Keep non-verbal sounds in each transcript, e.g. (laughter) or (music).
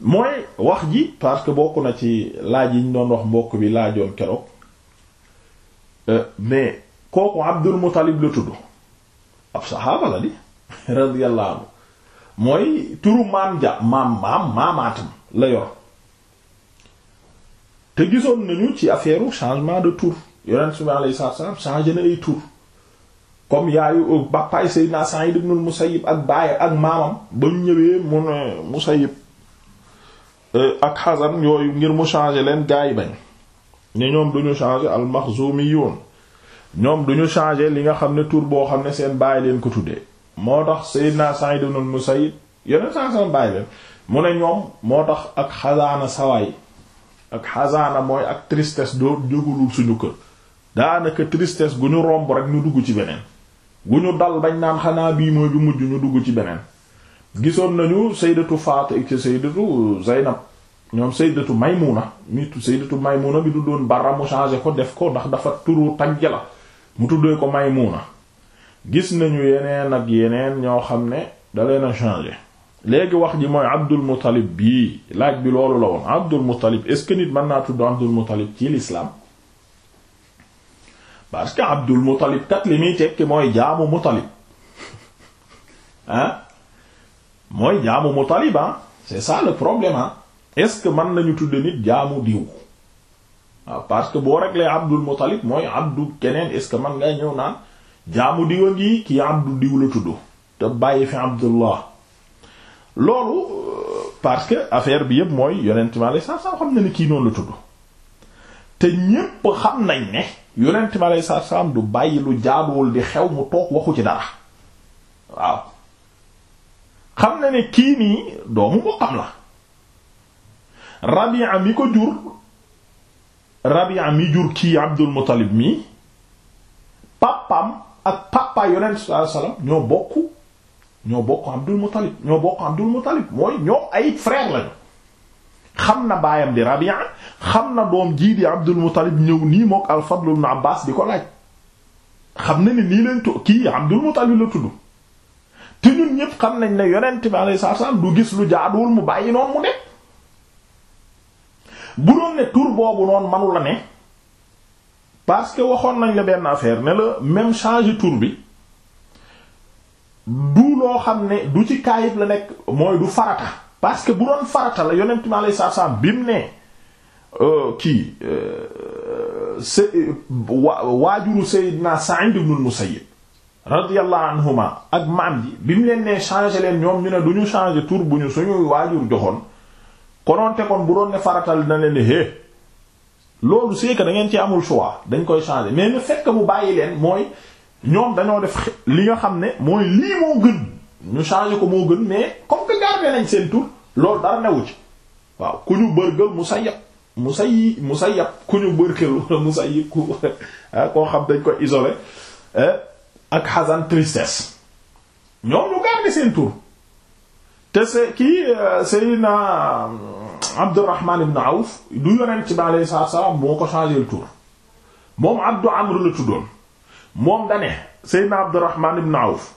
mooy wax ji parce que bokk na ci laaj yi ñu doon wax mbokk bi laajoon keroog euh, mais kooku Abdul Muttalib la tudd ab saxaaba la di (laughs) radiyallahu anhu mooy turu maam ja maam maam maamaatam la yor te gisoon nañu ci affaire changement de tour yonent bi alayhi salaatu wa salaam changé na ay tour comme yaayu euh, bàppaay Seydina Sa'id ibn al-Musayyib ak baay ak maamam ba ñu ñëwee mu ne Musayyib Euh, ak xasan yooyu ngir mu changer leen gaa yi bañ ne ñoom duñu changer al-Maxzumiyuun ñoom duñu changer li nga xam ne tur boo xam ne seen bàyyi leen ko tuddee moo tax Seydina Sa'id noonu mu musayyib yeneen san-san bàyyi leen mu ne ñoom moo tax ak xasaana saway ak xasaana mooy ak tristesse doo jógalul suñu kër daanaka tristesse gu ñu romb rek ñu dugg ci beneen gu ñu dal bañ naan xanaa bii mooy bu mujj ñu dugg ci beneen gisoon nañu sayyidatu Faatima ci sayyidatu Zaynab ñoom sayyidatu Maymuna mi sayyidatu Maymuna bi tuddoon Barra mu changé ko def ko ndax dafa turu tagg la mu tuddee ko Maymuna gis nañu yeneen ak yeneen ñoo xam ne da leen a changé léegi wax ji mooy Abdul Muttalib bii laaj bi loolu la woon Abdul Muttalib est-ce que nit mën naa tudd Abdul Muttalib ci lislaam parce que Abdul Muttalib kat li tekki mooy jaamu Muttalib ah (laughs) mooy jaamu mu taliban c'est ça le problème ah est-ce que mën nañu tudde nit jaamu diw waaw parce que boo réglee abdul muttalib mooy abdu keneen est-ce que man ngay ñëw naan jaamu diwa ngi kii abdu diw la tudd te bàyyi fi abdullah loolu euh, parce que affaire bi yëpp mooy yonent ma lay saa saa xam na ni kii noonu la tudd te ñépp xam nañ ne yonent ma lay saa du bàyyi lu jaaduwul di xew mu toog waxu ci dara waaw xam na ni kii nii doomu mbokkam la Rabi'a mi ko jur Rabi'a mi jur kii Abdul Muttalib mi papam ak papa yonent sallallahu alayhi ñoo bokk ñoo bokk Abdul Muttalib ñoo bokk Abdul lañu xam na baayam di Rabi'a xam na doom jii di Abdul Muttalib ñëw nii mook al Fadl ibn Abbas di ko laaj xam na ne nii leen to kii Abdul Muttalib la tudd te ñun ñëpp xam nañ ne yonent bi alayhi salaam du gis lu jaaduwul mu bàyyi noonu mu nekk bu doon ne tur boobu noonu manu la ne parce que waxoon nañ la benn affaire ne la même changer tur bi du loo xam ne du ci kaayib la nekk mooy du farata parce que bu doon farata la yonent bi alayhi salaam bi mu ne euh, kii euh, waajuru Sayyidina Sa'id ibn mu musayyib radiyallahu anhuma ak maam ji bi mu leen nee changé leen ñoom ñu ne du ñu changé tur bu ñu suñuy waajur joxoon konoonte kon bu doon ne faratal na leen ne hé loolu c'est que da ngeen ci amul choix dañ koy changé mais ne fekk bu bàyyi leen mooy ñoom dañoo def li nga xam ne mooy lii moo gën ñu changé ko moo gën mais comme que gardé nañ seen tur loolu dara newu ci waaw ku ñu bërgël mu sa yab mu sa yi ku ñu bërgël wala mu ku (laughs) ah, koo xam dañ koy isolé eh, ak xasan tristesse ñoom ñu garder te se kii euh, Seydina euh, Abdurrahman ibn Awf du a bi alayhi salaatu salaam moo ko changé tur moom Abdu Amr la tuddoon moom dane Seydina Abdurrahman ibn Awf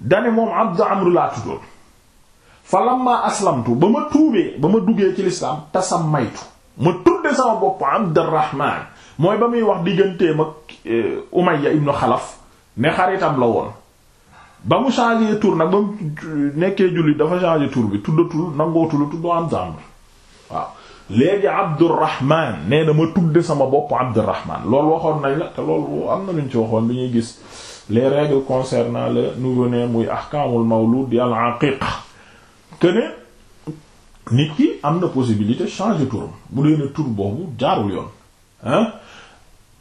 dane moom Abdu Amr laa tuddoon fa lamma aslamtu ba ma tuubee ba ma duggee ci lislaam tasammaytu ma tudde sama bopp Abdurrahman mooy ba muy wax digganteem ak euh, Umayya ibn Xalaf ne xaritam la woon ba mu changé tour nag ba mu euh, nekkee jullit dafa changé tour bi tuddatul nangootul tudd Hamza Amr waaw léegi Abdurrahman nee na ma tudde sama bopp Abdurrahman loolu waxoon nañ la te loolu am na lu ñu ci waxoon lu ñuy gis les règles concernant le nouveau-né muy ahkaamul mawlud di al aqiqa que nit ki am na possibilité changer turam bu dee ne tur boobu jaarul yoon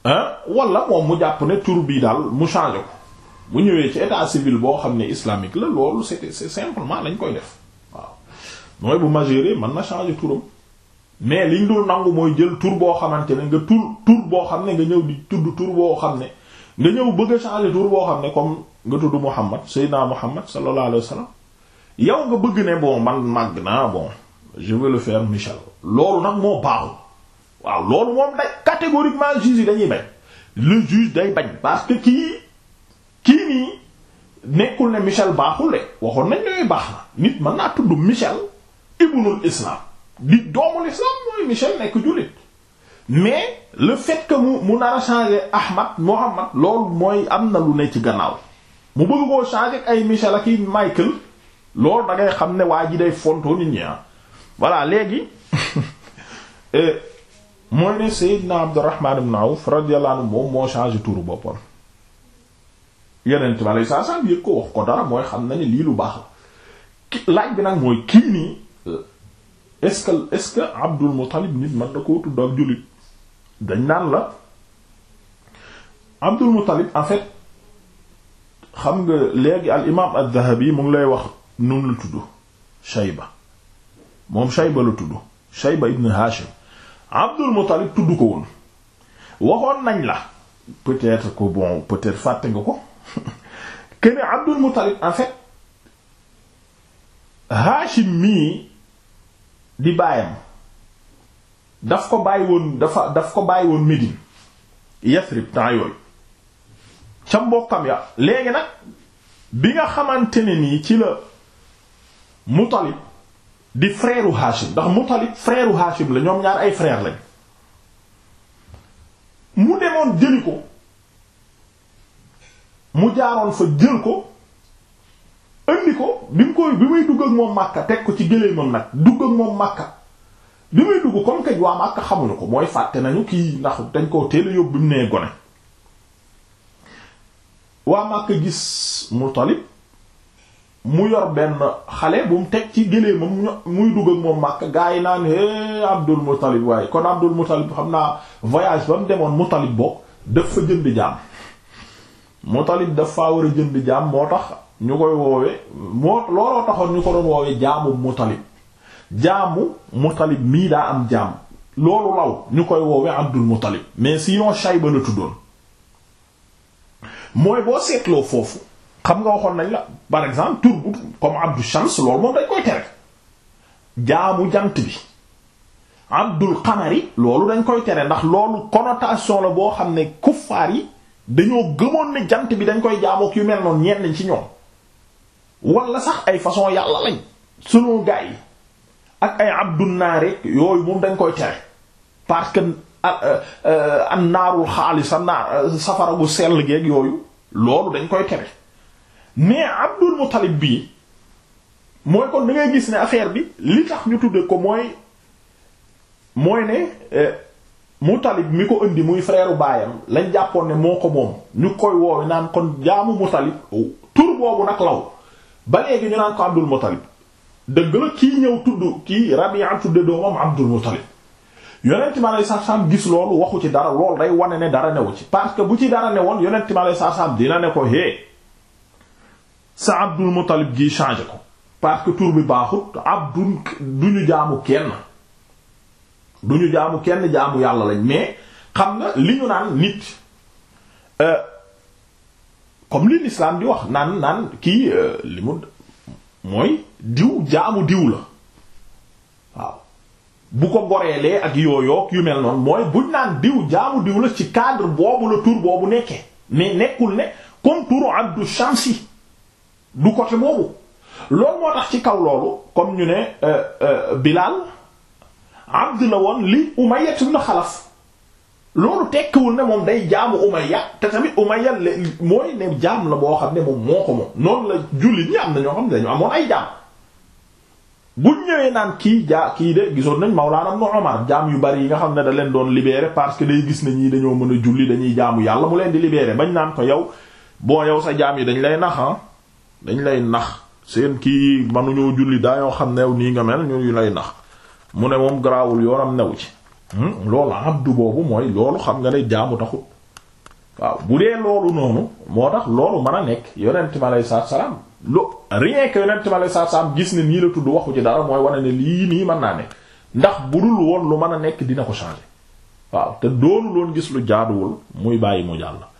wala moom mu jàpp ne tour bii daal mu changé ko bu ñëwee ci état civil boo xam ne islamique la loolu c'est c'est simplement lañ koy def waaw mooy bu majeur man na changé turam mais liñ dul nangu mooy jël tour boo xamante ne nga tur tour boo xam ne nga ñëw di tudd tour boo xam ne nga ñëw bëgg a changer boo xam ne comme nga tudd Muhammad Seydina Muhammad sallallahu alayhi wa sallam yow nga bëgg ne bon man màgg naa bon je vais le faire Michel loolu nag moo baaxul waaw loolu moom day catégoriquement juge yi dañuy bañ le juge day bañ parce que kii kii nii nekkul ne Michel baaxul de waxoon nañ ñooy baax na nit mën naa tudd Michel ibnul islam di doomul islam mooy Michel nekk jullit mais le fait que mu mu nar changer Ahmad Mohammad loolu mooy am na lu ne ci gannaaw mu bëgg koo changer ay Michel ak i Michael lool da xam ne waa ji day fontoo nit ñi ah voilà léegi. (laughs) Euh, mooy ne Seydina Abdurrahman ibn Awf radiyallahu anhu moom moo changé turu boppam yonent bi alayhi salaam yëg ko wax ko dara mooy xam ne ne lii lu baax la laaj bi nag mooy kii nii est-ce que est-ce que Abdul Muttalib nit mën na koo tudd ak dañ naan la Abdul Muttalib en fait xam nga léegi al imaam ad-Dhahabi mu ngi lay wax nun la tudd Shayba moom Shayba la tudd Shayba ibn Hashim Abdul Muttalib tudd ko woon waxoon nañ la peut ko que bon peut-être fàtte nga ko (laughs) que ne Abdul Muttalib en fait Haashim mii di baayam daf ko bàyyi woon dafa daf ko bàyyi woon Médine Yasrib temps yooyu ca mbokkam ya léegi nag bi nga xamante ne nii ci la Muttalib di freeru u ndax Muttalib frère u Hachim la ñoom ñaar ay frère lañ mu demoon jëli ko mu jaaroon fa jël ko indi ko bi mu koy bi muy dugg ak moom Makka teg ko ci gëléemam nag dugg ak moom Makka bi muy dugg comme que waa Makka xamuñu ko mooy fàtte nañu kii ndax dañ koo teel a yóbbu bi mu nee gone waa Makka gis Muttalib mu yor benn xale bu mu teg ci gëléemam muy dugg ak moom màkk gaa yi naan hé Abdul Muttalib waaye kon Abdul Muttalib xam naa voyage ba mu demoon Muttalib bokk daf fa jënd jaam Muttalib daf faa war a jënd jaam moo tax ñu koy woowe moo looloo ñu ko woowe jaamu Muttalib jaamu Muttalib mii daa am jaam loolu law ñu koy woowe Abdul Muttalib mais sinon Shayba la tuddoon mooy boo seetloo foofu xam nga waxoon nañ la par exemple tur bu comme Abdou Shams loolu moom dañ koy tere jaamu jant bi Abdul Qamari loolu dañ koy tere ndax loolu connotation la boo xam ne kuffaar yi dañoo gëmoon ne jant bi dañ koy jaamook yu mel noonu ñenn ci ñoom wala sax ay façon yàlla lañ sunu gaa yi ak ay Abdul Naar yooyu moom dañ koy tere parce que euh, euh, euh, an naarul xaalis a naar safara gu sell geeg yooyu loolu dañ koy tere mais Abdul Muttalib bii mooy kon da ngay gis ne affaire bi li tax ñu tudde ko mooy mooy ne eh, Muttalib mi ko indi muy frère baayam lañ jàppoon ne moo ko moom ñu koy woowe naan kon jaamu Muttalib tur boobu nag law ba léegi ñu naan ko Abdul Muttalib dëgg la kii ñëw tudd kii Rabi'a tudde doomam Abdul Muttalib yonent mi aleyhi salaatu salaam gis loolu waxu ci dara loolu day wane ne dara newu ci parce que bu ci dara ne woon yonent mi aleyhi salaatu dina ne ko hé sa Abdul Muttalib gi changé ko parce que tur bi baaxut abdul du ñu jaamu kenn du ñu jaamu kenn jaamu yàlla lañ mais xam na li ñu naan nit euh, comme li l'islam di wax naan naan kii euh, li mu mooy diw jaamu diw la waaw bu ko goreelee ak yooyoog yu mel noonu mooy buñ naan diw jaamu diw la ci cadre boobu la tur boobu nekkee mais nekkul ne comme turu Abdu Shamsi du côté boobu loolu moo tax ci kaw loolu comme ñu ne euh, euh, Bilal abd la woon li Umayya na Xalaf loolu tekkiwul ne moom day jaamu Umayya te tamit Umayya mooy ne jaam la boo xam ne moom moo ko moom noonu la jullit ñi am na ñoo xam ne dañu amoon ay jaam buñ ñëwee naan kii jaa kii de gisoon nañ Mawlaana Ibn Umar jaam yu bari yi nga xam ne da leen doon libéré parce que day gis ne ñii dañoo mën a julli dañuy jaamu yàlla mu leen di libéré bañ naan ko yow boo yow sa jaam yi dañ lay nax ah. dañ lay nax seen kii manuñoo julli daayoo xam new nii nga mel ñu lay nax mu ne moom garaawul yoonam new ci hmm? loolu abdu boobu mooy loolu xam nga ne jaamu taxut waaw bu dee loolu noonu moo tax loolu mën a nekk yonent mi aleyhi salaatu salaam lu rien yonent mi aleyhi salaatu salaam gis ni nii la tudd waxu ci dara mooy wane ne lii nii mën naa nekk ndax bu dul woon lu mën a nekk dina ko changer waaw te doonu loolu gis lu jaaduwul muy bàyyi mu jàll